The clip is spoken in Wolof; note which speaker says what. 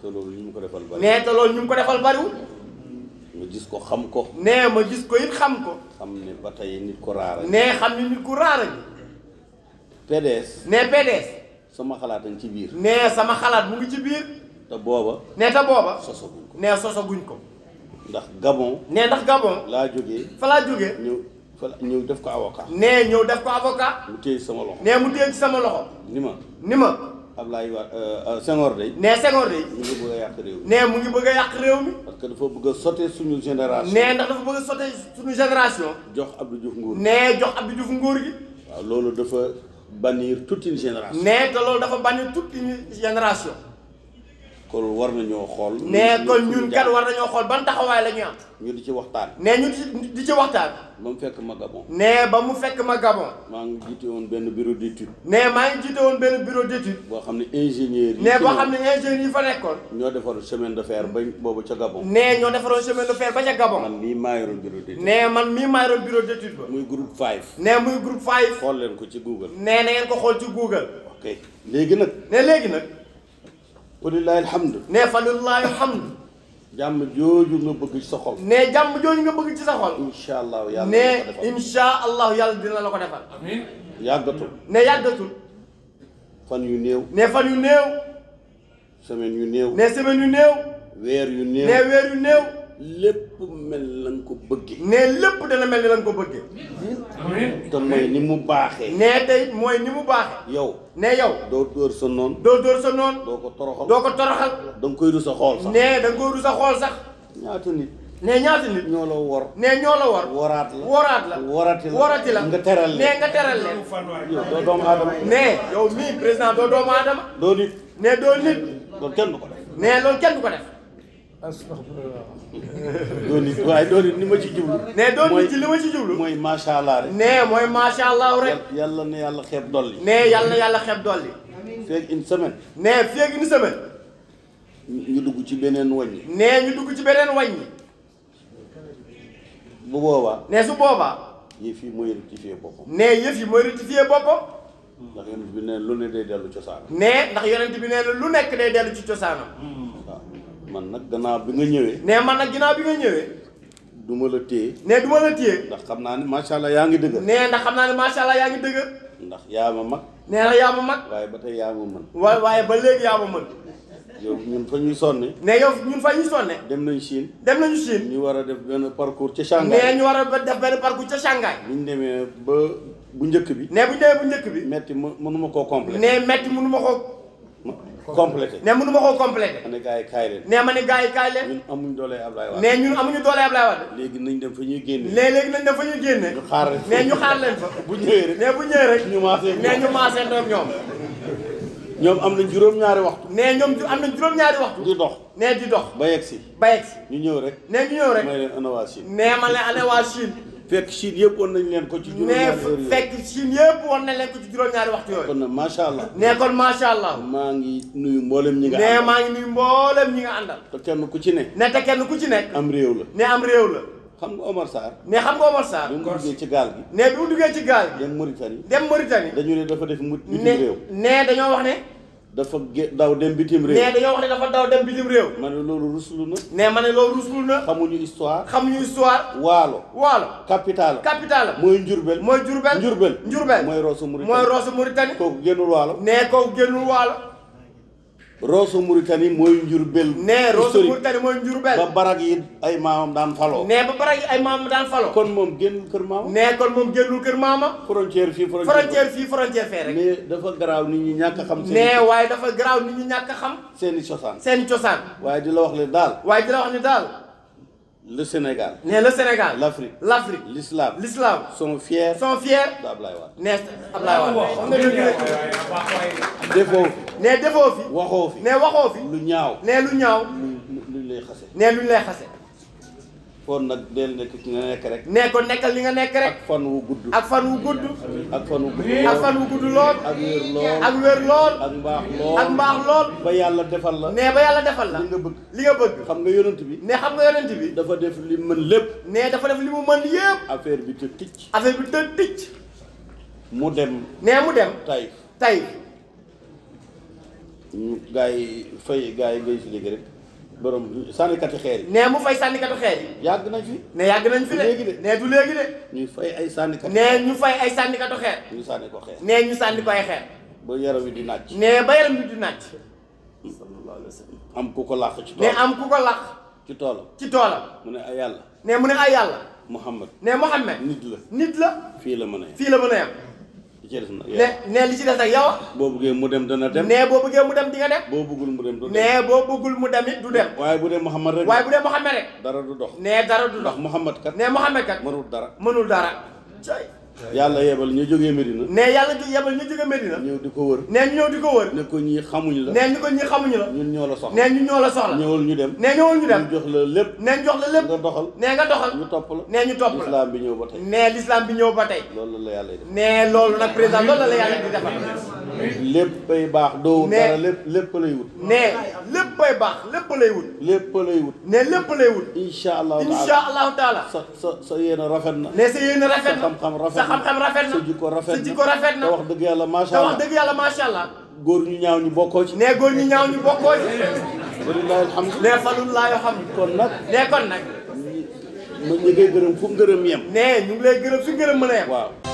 Speaker 1: te loolu ñu mu ko defal bariwul. nee te loolu ñu mu ko defal bariwul. ma gis ko xam ko. nee ma gis ko it xam ko. xam ne ba tey nit ko raara. nee xam ne nit ku raara gi. PDS. nee PDS. sama xalaat dañ ci biir. nee sama xalaat mu ngi ci biir. te booba. nee te booba. sosaguñ ko nee sosaguñ ko. ndax Gabon. nee ndax Gabon. laa jóge fa laa jógee. ñëw fa ñëw def ko avocat. nee ñëw def ko avocat. mu téye sama loxo. nee mu téye sama loxo. ni ma. ni ma. Ablaye Wade euh, euh, Senghor day nee Senghor day mu ngi bëgg yàq réew mi nee mu ngi bëgg a yàq réew mi parce que dafa bëgg a suñu génération nee ndax dafa bëgg a sote suñu génération jox Abdou Diouf nguur nee jox Abdou Diouf nguur gi waaw loolu dafa bannir toute une génération nee te loolu dafa bannir toute une génération kon war nañoo xool nee kon ñun kat war nañoo xool ban taxawaay la ñuy am ñu di ci waxtaan nee ñu di ci waxtaan ba mu fekk ma Gabon. nee ba mu fekk ma Gabon. maa ngi jiite woon benn bureau d'étude. nee maa ngi jiite woon benn bureau d'étude. boo xam ne ingénieur yi. nee boo xam ne ingénieur yi fa nekkoon. ñoo defaroon semaine de fer ba boobu ca Gabon. nee ñoo defaroon chemin de fer ba ca Gabon. man mii maa yoroon bureau d'étude. nee man mii maa yoroon bureau d'étude ba. muy groupe 5. nee muy groupe 5. xool leen ko ci Google. nee na ngeen ko xool ci Google. ok léegi nag. nee léegi nag. walillahi alhamdu. nee fa lillahi jàmm jooju nga bëgg ci sa xol. ne jàmm jooju nga bëgg ci sa xol. incha allahu yàlla dina la ko defal ne incha allahu yàlla dina la ko defal. yàggatul. ne yàggatul. fan yu néew. ne fan yu néew. semaine yu néew. ne semaine yu néew. weer yu néew. ne weer yu néew. lépp mel lañ ko bëggee. ne lépp dana mel ni lañ ko bëggee. amiin te mooy ni mu baaxee. ne tey mooy ni mu baaxee. yow ne yow. doo dóor sa noon. doo dóor sa noon. doo ko toroxal doo ko toroxal. da nga koy rus a xool sax. ne da nga koy rus xool sax. ñaata nit. ne ñaata nit. ñoo la wor. ne ñoo la wor. woraat la woraat la. worati la worati la. nga teral leen ne nga teral leen. yow doo doomu aadama. ne yow mii président doo doomu aadama. doo nit. ne doo nit. loolu kenn du ko def. ne loolu ko def. doon it waaye doon it li ma ci jublu. ne doon it li ma ci jublu. mooy macha allah rek. ne mooy macha allah rek. yàlla na yàlla xeeb dolli. ne yàlla na yàlla xeeb dolli. feeg une semaine. ne feeg une semaine. ñu dugg ci beneen wàññi. ne ñu dugg ci beneen wàññi. bu boobaa. ne su boobaa. yëf yi mooy rectifier boppam. ne yëpp yi mooy rectifier boppam. ndax yonent bi ne lu ne day dellu cosaanam. ne ndax yonent bi ne lu nekk day dellu ci cosaanam. Hmm. man nag gannaaw bi nga ñëwee. ne man nag ginnaaw bi nga ñëwee. du ma la téye. ne du ma la téye. ndax xam naa ne macha allah yaa ngi dëgg ne ndax xam naa ne macha allah yaa ngi dëgër. ndax yaa ma mag. nee na yaa ma mag. waaye ba te yaa ma mën. waaye ba léegi yaa ma mën. yow ñun fa ñuy sonne. ne yow ñun fa ñuy sonne. dem nañu Chine. dem nañu Chine. ñu war a def benn parcours ca Shanghai. mais ñu war a def benn parcours ca Shanghai. bu ñu demee ba bu njëkk bi. ne bu ñu demee bu njëkk bi. metti mënu ma koo complété. ne metti mënu koo. complété ne mënu ma koo complété ma ne gars yi kaay leen ne ma ne gars yi kaay leen ñun amuñu doole Ablaye Wade ne ñun amuñu doole Ablaye Wade léegi nañ dem fa ñuy génne ne léegi nañ dem fa ñuy génne ñu xaar ne ñu xaar leen fa bu ñëwee rek ne bu ñëwee rek ñu maasee ne ñu ñoom ñoom am nañ juróom-ñaari waxtu ne ñoom am nañ juróom-ñaari waxtu di dox ne di dox ba yegg si ba ñu ñëw rek ne ñu ñëw rek ana waa Chine ne ma fekk Chine yëpp woon nañ leen ko ci juróom-ñaari waxtu mais fekk Chine yëpp woon nañ leen ko ci yooyu. kon allah. ne kon macha allah. maa ngi nuyu mboolem ñi nga. àndal mais maa ñi nga àndal. te ku ci ne. ne te kenn ku ci nekk. am réew la ne am réew la. xam nga Omar Sarr. ne xam nga Omar Sarr. bi mu duggee ci gaal gi. ne bi mu duggee ci gaal gi. dem Mauritanie. dem Mauritanie. dañu ne dafa def mu. bitim réew ne ne dañoo wax ne. dafa gé daw dem bitim réew. mais dañoo wax ne dafa daw dem bitim réew. ma ne loolu ruslu na. mais ma ne loolu ruslu na. xamuñu histoire. xamuñu histoire. waalo. waalo. capitale capital mooy Njurbel. mooy Njurbel Njurbel. Njurbel mooy Rosso Mauritanie. mooy Rosso Mauritanie. kooku génnul waalo. ne kooku génnul waalo. Rooso Mauritanie mooy Njurbel. nee Rooso Mauritanie mooy Njurbel. ba barak yi ay maamam daan faloo. nee ba barak yi ay maamam daan faloo. kon moom génnul kër maama. nee kon moom génnul kër maama. frontière fii frontière frontière fii frontière fee rek. mais dafa garaaw nit ñi ñàkk xam. seen waaye dafa garaaw nit ñi ñàkk xam. seen i cosaan seeni cosaan. waaye di la wax ne daal. waaye di la wax ne daal. le Sénégal. ne le Sénégal. l'Afrique l'Afrique. l'islam l'islam. sont fiers. sont fiers. de Ablaye Wade. ne Ablaye Wade. xam nga defoo fi. ne defoo fi. waxoo fi. ne waxoo fi. lu ñaaw. ne lu ñaaw. lay xase. ne luñ lay xase. kon nag del nekk ki nga nekk rek. nee ko nekkal li nga nekk rek. ak fan wu gudd. ak fan wu gudd. ak fan wu gudd lool ak fan wu gudd lool. ak wér lool ak wér ak mbaax lool ak ba yàlla defal la. nee ba yàlla defal la. li nga bëgg li nga bëgg. xam nga yonent bi. nee xam nga yonent bi. dafa def li mën lépp. ne dafa def li mu mën yépp. affaire bi te ticc. affaire bi te ticc. mu dem. nee mu dem. tay tay. ñu gars yi fay gars yi ngay si léegi rek. borom sànnikatu xeer yi. nee mu fay sànnikatu xeer yi. yàgg nañ fi. ne yàgg nañ fi de. léegi de nee du léegi de. ñu fay ay sànnikatu. ne ñu fay ay sànnikatu xeer. ñu sànni ko xeer. nee ñu sànni ko ay xeer. ba yaram wi di naaj. nee ba yaram wi di naaj. am ku ko làq ci toolam. nee am ku ko làq. ci toolam. ci toolam. mu ne ay yàlla. nee mu ne ay yàlla. Muhammad. nee Muhammad. nit la nit la. fii la mën fii la mën a yem. li ci des nag yow ne li ci des nag yow. boo bëggee mu dem dana dem. ne boo bëggee mu dem di nga dem. boo mu dem du ne boo bëggul mu dem it du dem. waaye bu dee Mouhamad rek. waaye bu dee Mouhamad rek. dara du dox. ne dara du dox. ndax Mouhamad kat. ne Mouhamad kat. mënul dara mënul dara. yàlla yebal ñu jógee Medina. ne yàlla yebal ñu jógee Medina. ñëw di ko wër. ne ñu ñëw di ko wër. ne ko ñii xamuñu la. ne ñu ko ñii xamuñu la. ñun ñoo la soxla. ne ñun ñoo la soxla. ñëwal ñu dem. ne ñëwal ñu dem ñu jox la lépp. ne jox la lépp nga doxal. ne nga doxal ñu topp la. ne ñu topp la lislaam bi ñëw ba tey. ne lislaam bi ñëw ba tey. loolu la yàlla def. ne loolu nag président loolu la yàlla di defal. lépp bay baax doo dara lépp lépp lay wut ne lépp bay baax lépp lay wut lépp lay wut ne lépp lay wut insha allahu taala insha allahu taala sa sa sa yéen a rafet na ne sa yéen a rafet na sa xam-xam rafet na xam-xam rafet na jikko rafet na sa jikko rafet na te wax dëgg yàlla macha dëgg yàlla macha allah. góor ñu ñaaw ñu bokkoo ci. nee góor ñu ñaaw ñu bokkoo ci. walilahi alhamdu. nee falul laa yoo xam. kon nag nee kon nag. ñu ngi lay gërëm fu gërëm yem. nee ñu ngi lay gërëm fi gërëm mën a yem.